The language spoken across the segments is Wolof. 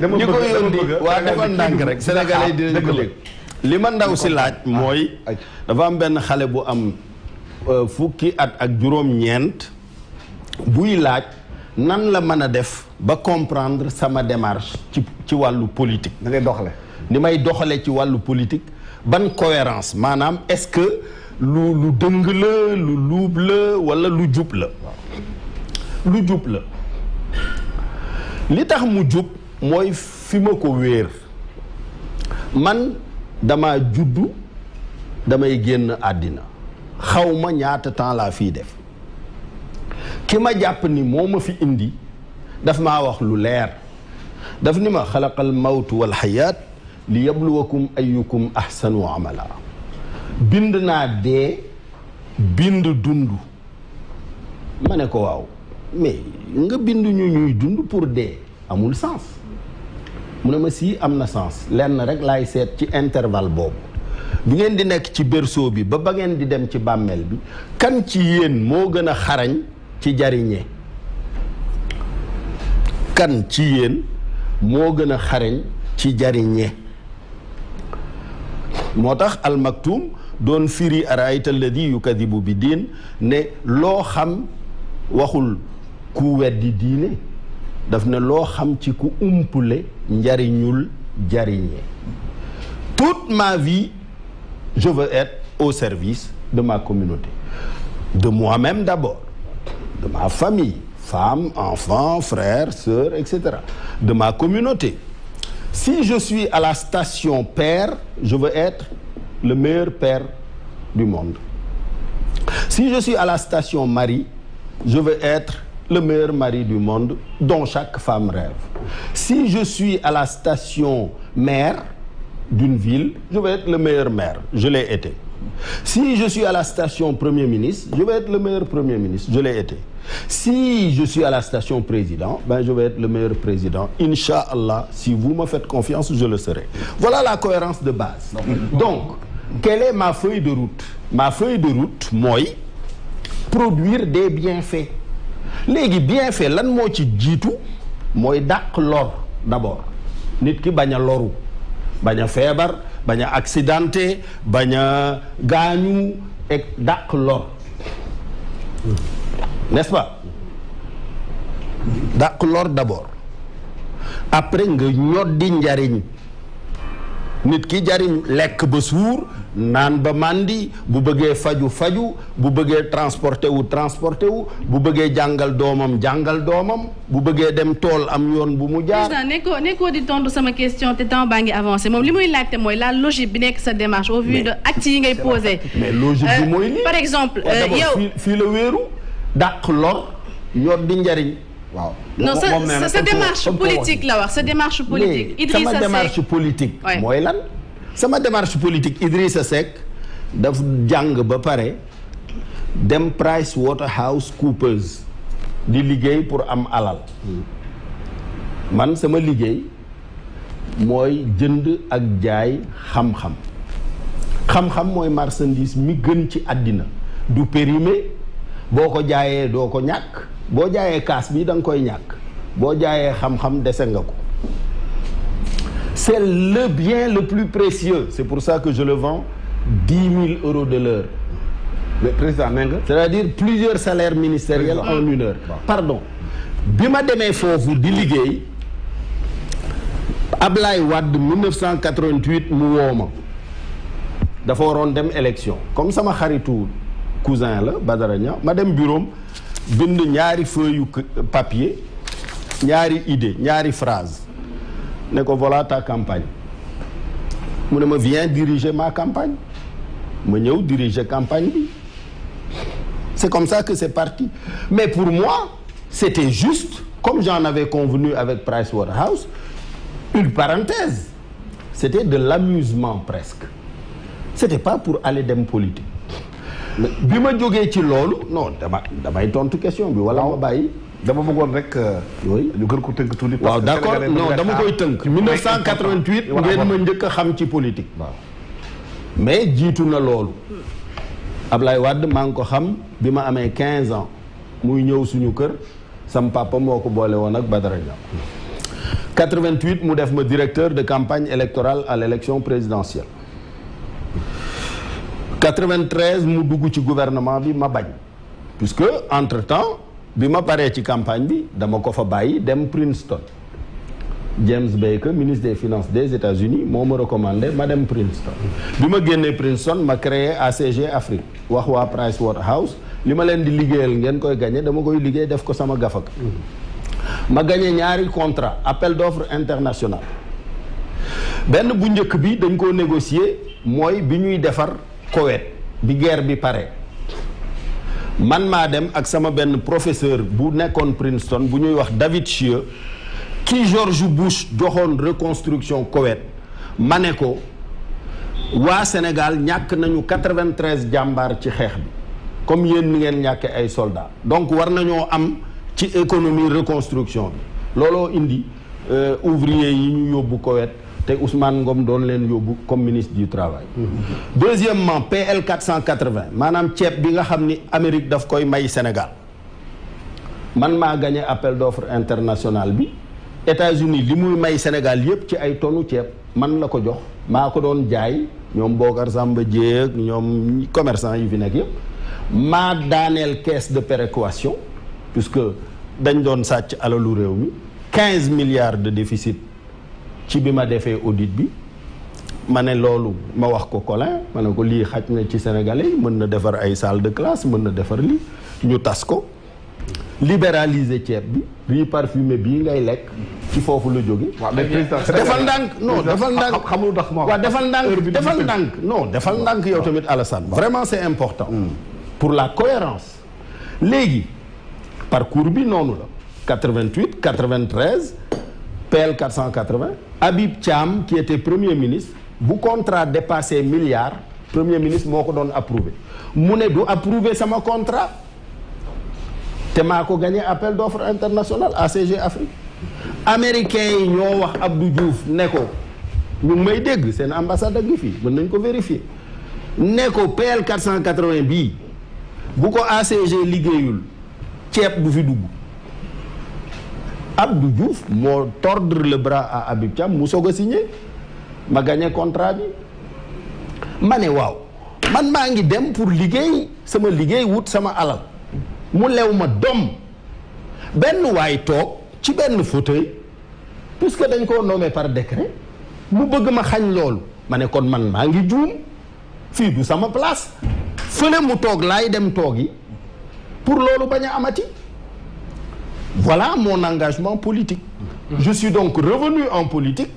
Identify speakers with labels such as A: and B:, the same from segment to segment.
A: dama bëgg a dama bëgg waa ndànk rek sénégalais dinañ ko dégg li ma ndaw si laaj mooy. Ah, dafa am benn xale bu am euh, fukki at ak juróom buy laaj nan la mën a def ba comprendre sama démarche ci ci wàllu politique. da ngay doxale ni may doxalee ci wàllu politique ban cohérence maanaam est-ce que lu lu dëng la lu luub la walla lu jub la. lu jub la li tax mu jub. mooy fi ma ko wéer man dama juddu damay génn àddina xaw ma ñaata temps laa fii def ki ma jàpp ni moo ma fi indi daf ma wax lu leer daf ni ma xalaqal mawt wal xayaat li yabluwakum ayukum ahsanu amala bind naa dee bind dund ma ne ko waaw mais nga bind ñu ñuy dund pour dee amul sens mu ne ma sii am na sens lenn rek laay seet ci intervalle boobu bi ngeen di nekk ci berceau bi ba ba ngeen di dem ci bàmmeel bi kan ci yéen moo gën a xarañ ci jariñe kan ci yéen moo gën a xarañ ci jariñe moo tax almaktum doon firi araayta alladi yukadibu bi diin ne loo xam waxul ku weddi diine daf ne loo xam ci ku umpule njariñul jariñe toute ma vie je veux être au service de ma communauté de moi-même d'abord de ma famille femme enfant frère sœur etc de ma communauté si je suis à la station père je veux être le meilleur père du monde si je suis à la station Marie je veux être le meilleur mari du monde dont chaque femme rêve. Si je suis à la station mère d'une ville, je vais être le meilleur maire. Je l'ai été. Si je suis à la station Premier ministre, je vais être le meilleur Premier ministre. Je l'ai été. Si je suis à la station président, ben je vais être le meilleur président. Inch'Allah, si vous me faites confiance, je le serai. Voilà la cohérence de base. Donc, quelle est ma feuille de route? Ma feuille de route, mooy produire des bienfaits. léegi bien fait lan moo ci jiitu mooy dàq lor d'abord nit ki bañ a loru bañ a feebar bañ a accidenté bañ a gaañu et dàq lor n'est-ce pas dàq lor d'abord après nga ñoddi njariñ nit ki jariñ lekk ba suur naan ba màndi bu bëggee faju faju bu bëggee transporté wu transporté wu bu bëggee jàngal doomam jàngal doomam bu bëggee dem tool am yoon bu mu jaar. président nekkoo nekkoo di tontu sama question te temps baa ngi avancé moom li muy laajte mooy la logique bi nekk sa démarche au vu de actes yi ngay posé. mais logique bi euh, mooy nii par exemple. Euh, yow fii la wéeru dàq lor yor di njariñ waaw non sa sa démarche politique la wax sa démarche politique. Idrissa Seck sama démarche politique. mooy lan sama démarche politique Idrissa Seck daf jàng ba pare dem Price Waterhouse Coopers di liggéey pour am alal man sama liggéey mooy jënd ak jaay xam-xam xam-xam mooy marchandise mi gën ci àddina du périmé boo ko jaayee doo ko ñàkk. boo jaayee kaas bi da nga koy ñàkk boo jaayee xam-xam dese nga ko c'est le bien le plus précieux c'est pour ça que je le vends dix mille euros de leur mais président nee nga c'est-à-dire plusieurs salaires ministériels en une heure pardon bi ma demee foofu di liggéey Ablaye Wade 1988 mu woo ma dafa waroon dem élection comme sama xaritu cousin la Badara Niang ma dem bureau bind ñaari feuille yu papier ñaari idée ñaari phrase ne ko voilà ta campagne mu ne ma viens diriger ma campagne ma ñëw diriger campagne bi c'est comme ça que c'est parti mais pour moi c'était juste comme j'en avais convenu avec Price Waterhouse une parenthèse c'était de l'amusement presque c'était pas pour aller dem politique bi ma jógee ci loolu non dama damay tontu question bi wala ma bàyyi. dama bëggoon rek. yooyu euh, ñu kër ko tënk tuuti. parce que d'accord dama koy tënk. 1988 ngeen ma njëkk a xam ci politique. mais jiitu na loolu. Ablaye Wade maa ngi ko xam bi ma amee 15 ans muy ñëw suñu kër sam papa moo ko boole woon ak ba Niang 88 mu def ma directeur de campagne électorale à l'élection présidentielle. 93 mu dugg ci gouvernement bi ma bañ puisque entre temps bi ma baree ci campagne bi dama ko fa bàyyi dem Princeton James Baker ministre des finances des États-Unis moo a recommandé ma dem Princeton bi ma génnee Princeton ma créé ACG Afrique wax waa Price Waterhouse li ma leen di liggéeyal ngeen koy gagné dama koy liggéey def ko sama gafak ma gañe ñaari contrat appel d'offre international benn bu njëkk bi dañ koo négocier mooy bi ñuy defar Koweït bi guerre bi pare man maa dem ak sama benn professeur bu nekkoon Princeton bu ñuy wax David Chieu ki George Bush joxoon reconstruction Koweït ma ne ko waa Sénégal ñàkk nañu 93 jàmbaar ci xeex bi comme yéen mi ngeen ñàkke ay soldats donc war nañoo am ci économie reconstruction bi looloo indi euh, ouvrier yi ñu yóbbu Koweït te Ousmane Ngom doon leen yóbbu comme ministre du travail deuxièmement PL 480 maanaam ceeb bi nga xam ni Amérique daf koy may Sénégal man maa gagné appel d'offre international bi États-Unis li muy may Sénégal yépp ci ay tonu ceeb man la ko jox maa ko doon jaay ñoom Bocar Samba Dieng ñoom commerçant yu fi nekk yépp maa daaneel caisse de péréquation puisque dañ doon sàcc alalu réew mi 15 milliards de déficit ci bi ma defee audit bi ma ne loolu ma wax ko Colin ma ne ko lii xaj na ci sénégalais yi mën na defar ay salle de classe mën na defar lii ñu tas ko libéraliser ceeb bi riz parfumé bii ngay lekk ci foofu la jóge defal ndànk non defal ndànk xamul ndax ma waaw defal ndànk defal ndànk non defal ndànk yow tamit Alassane vraiment c'est important hmm. pour la cohérence léegi parcours bi noonu la 88 93 PL 480 Habib Thiam qui était premier ministre bu contrat dépassé milliard premier ministre moo ko doon approuvé mu ne du approuvé sama contrat te maa ko gagné appel d'offre international ACG Afrique américain yi ñoo wax Abdou Diouf ne ko ñu ngi may dégg seen ambassade ak ngi fii mën nañ ko vérifier ne ko PL 480 bii bu ko ACG liggéeyul ceeb du fi dugg Abdou Diouf moo tordre le bras à Habib mu soog a signé ma gagné contrat bi ma ne waaw man maa ngi dem pour liggéey sama liggéey wut sama alal mu lew ma doom benn waay toog ci benn fauteuil puisque dañ koo nommé par décret mu bëgg ma xañ loolu ma ne kon man maa ngi juum fii du sama place fële mu toog laay dem toog yi pour loolu bañ a amati Voilà mon engagement politique. Je suis donc revenu en politique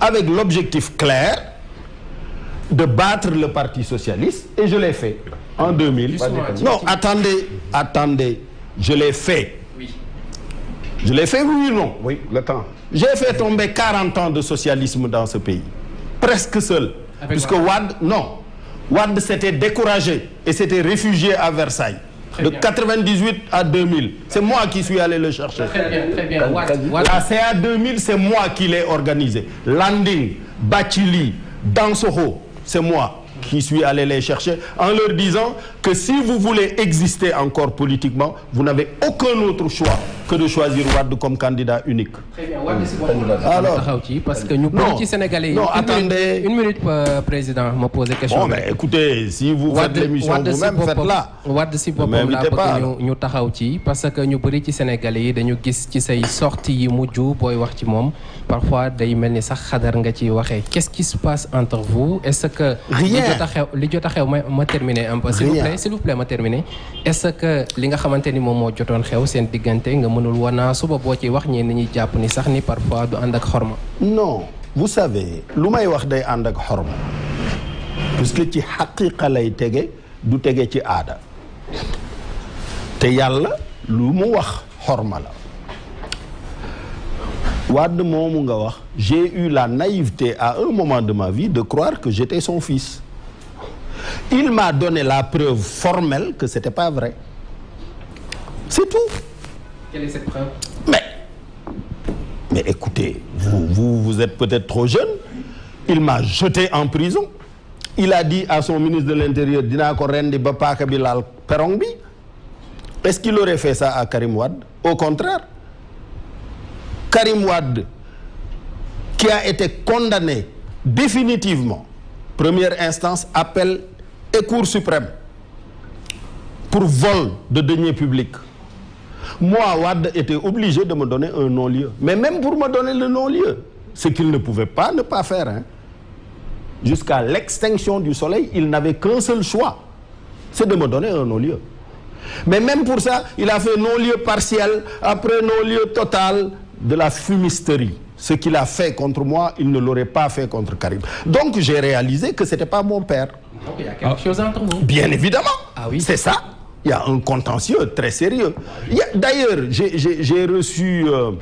A: avec l'objectif clair de battre le Parti socialiste et je l'ai fait en 2000. Non, attendez, attendez, je l'ai fait. Je l'ai fait, oui ou non? Oui, le temps. J'ai fait tomber 40 ans de socialisme dans ce pays. Presque seul. Avec puisque Wade, non. Wade s'était découragé et s'était réfugié à Versailles. de 98 à 2000. C'est moi qui suis allé le chercher. Très bien, très bien. La CA 2000, c'est moi qui l'ai organisée. Landing, Bachili, Dansoho, c'est moi qui suis les chercher en leur disant que si vous voulez encore politiquement, vous n'avez aucun que de choisir Wade comme boppam ci parce que ñu. non ci sénégalais yi. non attendez une la euh, Wade si bëgg ñu taxaw ci parce que ñu bëri ci sénégalais yi dañu gis ci say sorties yi mujj booy wax ci moom parfois day mel ni sax xadar nga ciy waxe qu'est-ce qui se passe entre vous est-ce que. li jot a xew li jot a xew ma terminer un peu. s'il vous plaît ma terminer est-ce que li nga xamante ni moom moo jotoon xew seen diggante nga mën noonul wanaa ah, suba boo ci wax ñeen ñi jàpp ni sax ni parfois du ànd ak xorma. non vous savez lu may wax day ànd ak xorma puisque ci xaqiqa lay tege du tege ci aada te yàlla lu mu wax xorma la. Wade moomu nga wax j'ai eu la naïveté à un moment de ma vie de croire que j'étais son fils il m'a donné la preuve formel que c'était pas vrai c'est Quelle est cette Mais, écoutez, vous, êtes peut-être trop jeune. Il m'a jeté en prison. Il a dit à son ministre de l'Intérieur, dina ko rendi ba paaka bi laal perong bi. Est-ce qu'il aurait fait ça à Karim Wade? Au contraire. Karim Wade, qui a été condamné définitivement, première instance, appel et Cour suprême, pour vol de deniers publics. Moi, Wad était obligé de me donner un non-lieu. Mais même pour me donner le non-lieu, ce qu'il ne pouvait pas ne pas faire. Hein. Jusqu'à l'extinction du soleil, il n'avait qu'un seul choix. C'est de me donner un non-lieu. Mais même pour ça, il a fait non-lieu partiel, après non-lieu total de la fumisterie. Ce qu'il a fait contre moi, il ne l'aurait pas fait contre Karim. Donc j'ai réalisé que ce n'était pas mon père. Donc il y a quelque ah. chose entre vous. Bien évidemment. Ah oui. C'est ça. il y a un contentieux très sérieux. D'ailleurs, j'ai reçu euh,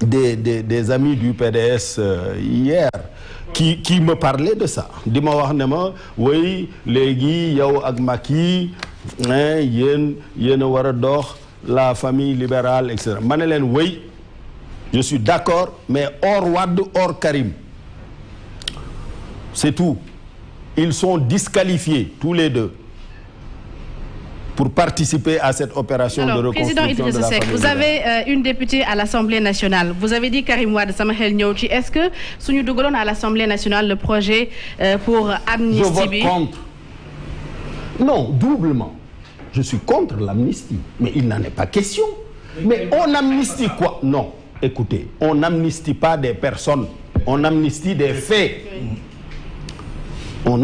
A: des, des, des, amis du PDS euh, hier qui, qui me parlaient de ça. Di ma wax ne ma oui léegi yow ak Macky yéen yéen a war a dox la famille libérale et cetera ma ne leen oui je suis d'accord mais hors Wade hors Karim c'est tout ils sont disqualifiés tous les deux. pour participer à cette opération Alors, de reconstruction président Idrissa Seck vous avez euh, une députée à l'Assemblée nationale vous avez dit Karim Wade sama xel est-ce que suñu dugaloon à l'Assemblée nationale le projet euh, pour amnistie je vote bi contre non doublement je suis contre l'amnistie mais il n'en est pas question on amnistie quoi non écoutez on pas des personnes on amnistie des faits on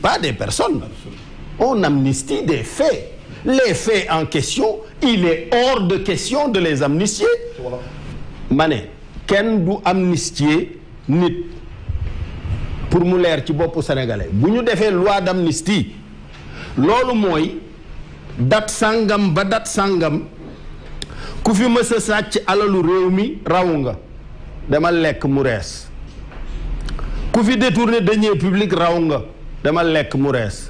A: pas des personnes on des faits les faits en question il est hors de question de les amnistier voilà. ma ne kenn du amnistier nit pour mu leer ci boppu sénégalais bu ñu defee loi d'amnistie loolu mooy dat sàngam ba dat sàngam ku fi mës a sàcc alalu réew mi raw nga demal lekk mu rees ku fi détourné deniers publics raw nga demal lekk mu rees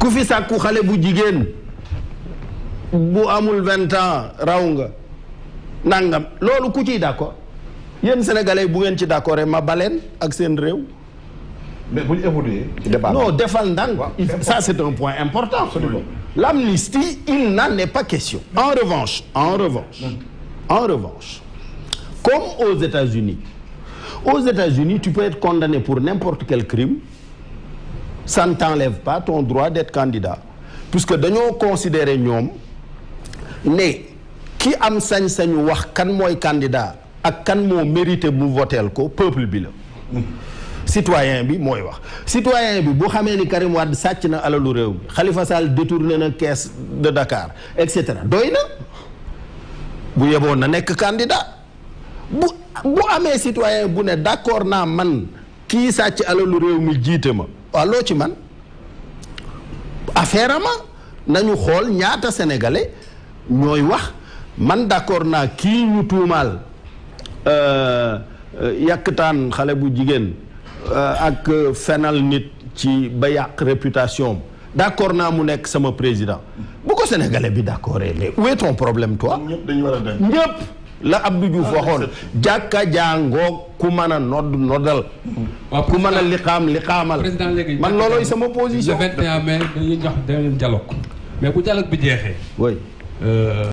A: ku fi sàkku xale bu jigéen bu amul vingt ans raw nga nangam loolu ku ciy d'accord yéen sénégalais bu ngeen ci d'accord ma baleen ak seen réew. mais bu ñu évolué ci non defal ndànk ça c'est un point important. absolument l'amnistie il n'en est pas question. en revanche en revanche. Hmm. en revanche comme aux États-Unis aux États-Unis tu peux être condamné pour n'importe quel crime. ça ne t'enlève pas ton droit d'être candidat puisque dañoo considérer ñoom ne ki am sañ-sañu wax kan mooy candidat ak kan moo mérité mu voteel ko peuple bi la citoyen bi mooy wax citoyen bi bu xamee ni Karim Wade sàcc na alalu réew mi Khalifa Sall détourné na caisse de Dakar et cetera doy na bu yeboon na nekk candidat bu bu amee citoyen bu ne d'accord naa man kii sàcc alalu réew mi jiite ma waaw loo ci man affaire ama nañu xool ñaata sénégalais ñooy wax man d'accord naa kii ñu tuumaal euh, yàkkataan xale bu jigéen euh, ak fenal nit ci ba yàq réputation am d'accord naa mu nekk sama président bu ko sénégalais bi d'accordé eh, mais où est ton problème toi ñëpp dañu war a dem la Abdou Diouf ah, waxoon jàkka jàngoo ku mën a nodd noddal ku mën a liqaam liqaamal man loolooy sama position le 21 mai dañuy jox dañuy dialogue mais bu dialogue bi jeexee oui euh,